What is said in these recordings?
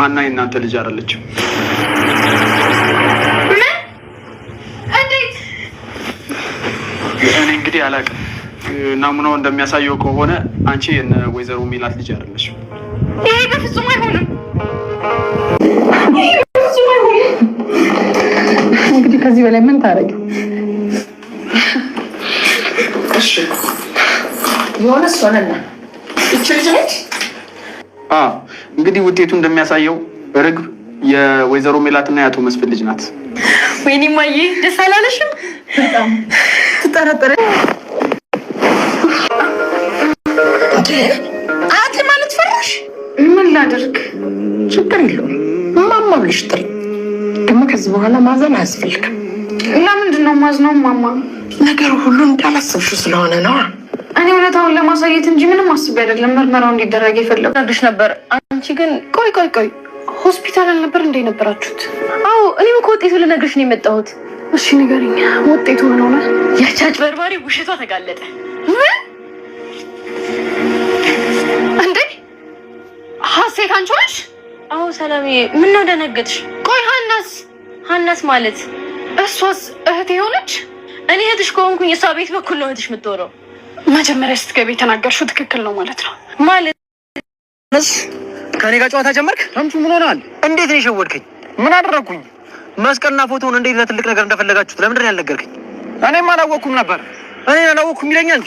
ሀና የእናንተ ልጅ አይደለችም። እኔ እንግዲህ አላውቅም። ናሙናው እንደሚያሳየው ከሆነ አንቺ የነ ወይዘሮ ሚላት ልጅ አይደለችም። ይሄ በፍጹም አይሆንም። እንግዲህ ከዚህ በላይ ምን ታደርጊ? የሆነ እሷ ነና ልጅ ነች እንግዲህ ውጤቱ እንደሚያሳየው ርግብ የወይዘሮ ሜላትና የአቶ መስፍን ልጅ ናት። ወይኔ ማዬ ደስ አላለሽም? በጣም ትጠረጠረ አያቴ ማለት ፈራሽ። ምን ላድርግ? ችግር የለውም ማማ ብልሽ ጥሪ። ደግሞ ከዚህ በኋላ ማዘን አያስፈልግም። ለምንድን ነው ማዝነው? ማማ ነገሩ ሁሉ እንዳላሰብሽው ስለሆነ ነዋ። እኔ እውነታውን ለማሳየት እንጂ ምንም አስቤ አይደለም ምርመራው እንዲደረግ የፈለጉ ነበር አንቺ ግን ቆይ ቆይ ቆይ ሆስፒታል አልነበር እንደ ነበራችሁት? አዎ እኔም ከውጤቱ ልነግርሽ ነው የመጣሁት። እሺ ንገሪኝ፣ ውጤቱ ምን ሆነ? ያቻጭ በርባሪ ውሸቷ ተጋለጠ። እንዴ! ሀሴት አንቺ ነሽ? አዎ ሰላሜ፣ ነው ደነገጥሽ? ቆይ ሀናስ ሀናስ ማለት እሷስ እህቴ የሆነች? እኔ እህትሽ ከሆንኩኝ እሷ ቤት በኩል ነው እህትሽ የምትሆነው። መጀመሪያ ስትገቢ የተናገርሽው ትክክል ነው ማለት ነው ማለት ከኔ ጋር ጨዋታ ጀመርክ? ተምቹ ምን ሆናል? እንዴት ነው የሸወድከኝ? ምን አደረግኩኝ? መስቀልና ፎቶውን እንዴት ለትልቅ ነገር እንደፈለጋችሁት ለምንድን ነው ያልነገርከኝ? እኔም አላወቅኩም ነበር። እኔን አላወቅኩም ይለኛል።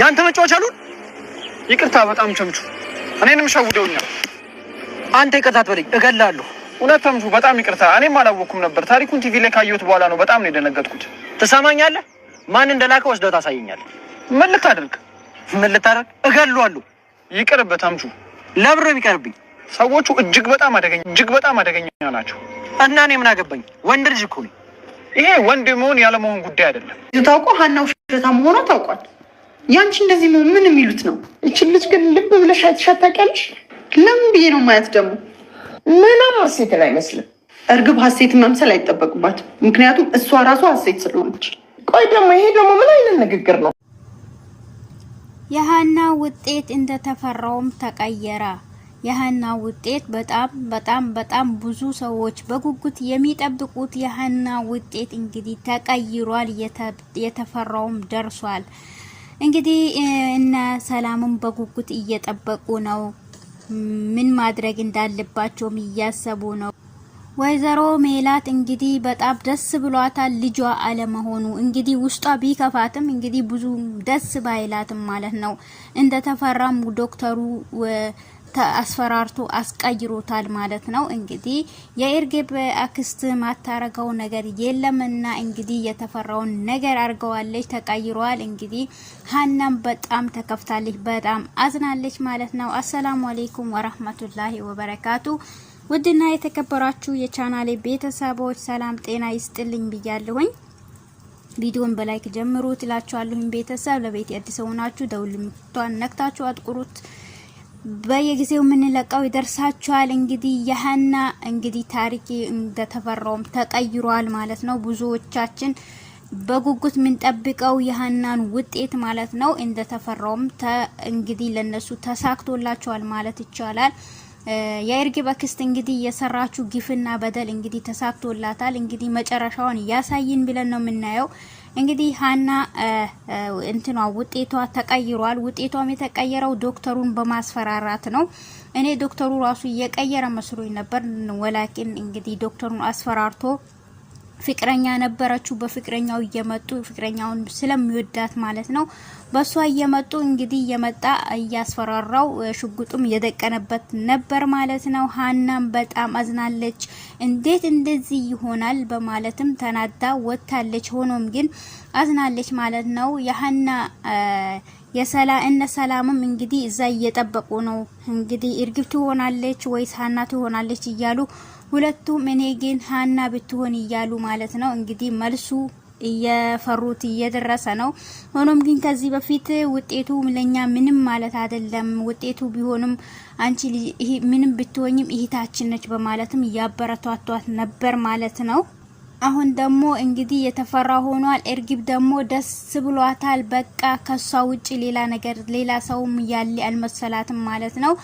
ያንተ መጫወች አሉን። ይቅርታ በጣም ተምቹ፣ እኔንም ሸውደውኛል። አንተ ይቅርታ ትበለኝ እገላለሁ። እውነት ተምቹ በጣም ይቅርታ፣ እኔም አላወቅኩም ነበር። ታሪኩን ቲቪ ላይ ካየሁት በኋላ ነው በጣም ነው የደነገጥኩት። ትሰማኛለህ? ማን እንደላከ ወስደው ታሳየኛለህ። ምን ልታደርግ ምን ልታደርግ? እገላለሁ ይቅርበት አምቹ። ለብሮ ቢቀርብኝ ሰዎቹ እጅግ በጣም አደገኛ እጅግ በጣም አደገኛ ናቸው እና እኔ ምን አገባኝ? ወንድ ልጅ እኮ ነኝ። ይሄ ወንድ መሆን ያለመሆን ጉዳይ አይደለም። ታውቆ ሀና ውሸታ መሆኗ ታውቋል። ያንቺ እንደዚህ መሆን ምን የሚሉት ነው? ይችን ልጅ ግን ልብ ብለሽ አይተሻት ታውቂያለሽ? ለምን ብዬ ነው ማየት ደግሞ ምንም ሀሴትን አይመስልም። እርግብ ሀሴትን መምሰል አይጠበቅባትም፣ ምክንያቱም እሷ ራሷ ሀሴት ስለሆነች። ቆይ ደግሞ ይሄ ደግሞ ምን አይነት ንግግር ነው? የሀና ውጤት እንደተፈራውም ተቀየረ። የሀና ውጤት በጣም በጣም በጣም ብዙ ሰዎች በጉጉት የሚጠብቁት የሀና ውጤት እንግዲህ ተቀይሯል፣ የተፈራውም ደርሷል። እንግዲህ እነ ሰላምም በጉጉት እየጠበቁ ነው። ምን ማድረግ እንዳለባቸውም እያሰቡ ነው። ወይዘሮ ሜላት እንግዲህ በጣም ደስ ብሏታል ልጇ አለመሆኑ። እንግዲህ ውስጧ ቢከፋትም እንግዲህ ብዙ ደስ ባይላትም ማለት ነው። እንደተፈራም ዶክተሩ አስፈራርቶ አስቀይሮታል ማለት ነው። እንግዲህ የኤርጌብ አክስት ማታረገው ነገር የለምና እንግዲህ የተፈራውን ነገር አርገዋለች፣ ተቀይሯል። እንግዲህ ሀናም በጣም ተከፍታለች፣ በጣም አዝናለች ማለት ነው። አሰላሙ አሌይኩም ወራህመቱላሂ ወበረካቱ ውድና የተከበራችሁ የቻናሌ ቤተሰቦች ሰላም ጤና ይስጥልኝ ብያለሁኝ። ቪዲዮን በላይክ ጀምሩት ትላችኋለሁኝ። ቤተሰብ ለቤት አዲስ ሆናችሁ ደውል ምቷን ነክታችሁ አጥቁሩት። በየጊዜው የምንለቀው ይደርሳችኋል። እንግዲህ የሀና እንግዲህ ታሪክ እንደተፈራውም ተቀይሯል ማለት ነው። ብዙዎቻችን በጉጉት የምንጠብቀው የሀናን ውጤት ማለት ነው። እንደተፈራውም እንግዲህ ለነሱ ተሳክቶላቸዋል ማለት ይቻላል። የእርግብ አክስት እንግዲህ የሰራችው ግፍና በደል እንግዲህ ተሳክቶላታል። እንግዲህ መጨረሻውን ያሳይን ብለን ነው የምናየው። እንግዲህ ሀና እንትኗ ውጤቷ ተቀይሯል። ውጤቷም የተቀየረው ዶክተሩን በማስፈራራት ነው። እኔ ዶክተሩ ራሱ እየቀየረ መስሎኝ ነበር። ወላኪን እንግዲህ ዶክተሩን አስፈራርቶ ፍቅረኛ ነበረችው። በፍቅረኛው እየመጡ ፍቅረኛውን ስለሚወዳት ማለት ነው። በሷ እየመጡ እንግዲህ እየመጣ እያስፈራራው ሽጉጡም እየደቀነበት ነበር ማለት ነው። ሀናም በጣም አዝናለች። እንዴት እንደዚህ ይሆናል በማለትም ተናዳ ወጥታለች። ሆኖም ግን አዝናለች ማለት ነው። የሀና የሰላ እነ ሰላምም እንግዲህ እዛ እየጠበቁ ነው። እንግዲህ እርግብ ትሆናለች ወይስ ሀና ትሆናለች እያሉ ሁለቱም እኔ ግን ሀና ብትሆን እያሉ ማለት ነው። እንግዲህ መልሱ እየፈሩት እየደረሰ ነው። ሆኖም ግን ከዚህ በፊት ውጤቱ ለኛ ምንም ማለት አይደለም፣ ውጤቱ ቢሆንም አንቺ ምንም ብትሆኝም እህታችን ነች በማለትም እያበረታቷት ነበር ማለት ነው። አሁን ደግሞ እንግዲህ የተፈራ ሆኗል። እርግብ ደግሞ ደስ ብሏታል። በቃ ከሷ ውጭ ሌላ ነገር ሌላ ሰውም ያለ አልመሰላትም ማለት ነው።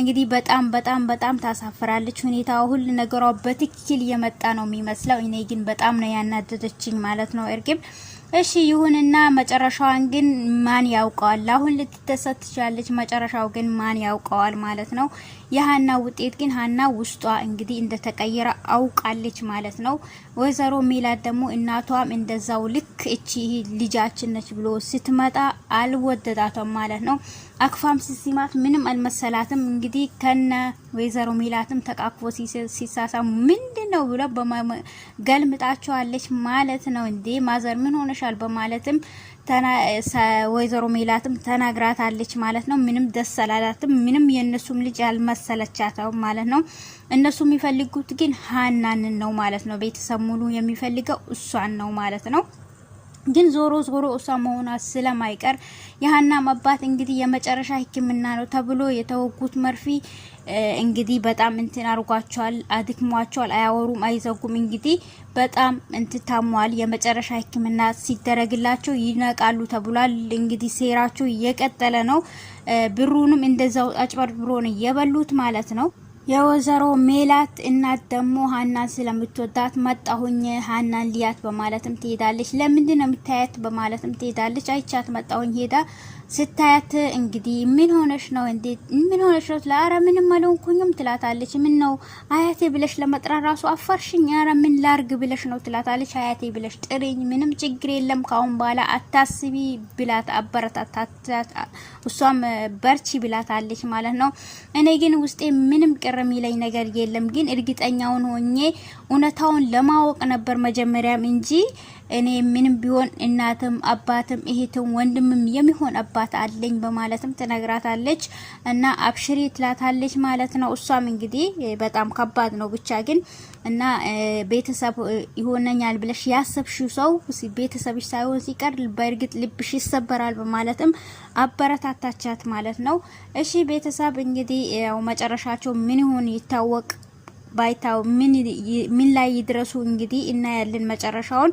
እንግዲህ በጣም በጣም በጣም ታሳፍራለች። ሁኔታዋ ሁሉ ነገሯ በትክክል እየመጣ ነው የሚመስለው። እኔ ግን በጣም ነው ያናደደችኝ ማለት ነው እርግብ። እሺ ይሁንና መጨረሻዋን ግን ማን ያውቀዋል? አሁን ልትደሰት ትችላለች። መጨረሻው ግን ማን ያውቀዋል ማለት ነው። የሀና ውጤት ግን ሀና ውስጧ እንግዲህ እንደተቀየረ አውቃለች ማለት ነው። ወይዘሮ ሜላት ደግሞ እናቷም እንደዛው ልክ እቺ ልጃችን ነች ብሎ ስትመጣ አልወደዳቷም ማለት ነው። አክፋም ሲሲማት ምንም አልመሰላትም። እንግዲህ ከነ ወይዘሮ ሚላትም ተቃቅፎ ሲሳሳ ምንድን ነው ብሎ ገልምጣቸዋለች ማለት ነው። እንዴ ማዘር ምን ሆነሻል? በማለትም ወይዘሮ ሚላትም ተናግራታለች ማለት ነው። ምንም ደስ አላላትም። ምንም የእነሱም ልጅ አልመሰለቻት ማለት ነው። እነሱ የሚፈልጉት ግን ሀናንን ነው ማለት ነው። ቤተሰብ ሙሉ የሚፈልገው እሷን ነው ማለት ነው። ግን ዞሮ ዞሮ እሷ መሆኗ ስለማይቀር የሀና አባት እንግዲህ የመጨረሻ ሕክምና ነው ተብሎ የተወጉት መርፊ እንግዲህ በጣም እንትን አርጓቸዋል፣ አድክሟቸዋል። አያወሩም፣ አይዘጉም። እንግዲህ በጣም እንትን ታሟል። የመጨረሻ ሕክምና ሲደረግላቸው ይነቃሉ ተብሏል። እንግዲህ ሴራቸው እየቀጠለ ነው። ብሩንም እንደዛው አጭበርብሮ ነው የበሉት ማለት ነው። የወይዘሮ ሜላት እናት ደግሞ ሀናን ስለምትወዳት መጣሁኝ ሀናን ሊያት በማለትም ትሄዳለች። ለምንድን ነው የምታያት በማለትም ትሄዳለች። አይቻት መጣሁኝ ሄዳ ስታያት እንግዲህ ምን ሆነሽ ነው እንዴ? ምን ሆነሽ ነው? ኧረ ምንም አልሆንኩኝም ትላታለች። ምን ነው አያቴ ብለሽ ለመጥራት ራሱ አፈርሽኝ? ኧረ ምን ላርግ ብለሽ ነው ትላታለች። አያቴ ብለሽ ጥሪኝ፣ ምንም ችግር የለም ካሁን በኋላ አታስቢ ብላት አበረታታት። እሷም በርቺ ብላታለች ማለት ነው። እኔ ግን ውስጤ ምንም ቅር የሚለኝ ነገር የለም፣ ግን እርግጠኛውን ሆኜ እውነታውን ለማወቅ ነበር መጀመሪያም እንጂ እኔ ምንም ቢሆን እናትም አባትም እህትም ወንድምም የሚሆን አባት አለኝ በማለትም ትነግራታለች እና አብሽሪ ትላታለች ማለት ነው። እሷም እንግዲህ በጣም ከባድ ነው ብቻ ግን እና ቤተሰብ ይሆነኛል ብለሽ ያሰብሽው ሰው ቤተሰብሽ ሳይሆን ሲቀር በእርግጥ ልብሽ ይሰበራል በማለትም አበረታታቻት ማለት ነው። እሺ ቤተሰብ እንግዲህ ያው መጨረሻቸው ምን ይሆን ይታወቅ ባይታው ምን ላይ ይድረሱ እንግዲህ እናያለን መጨረሻውን።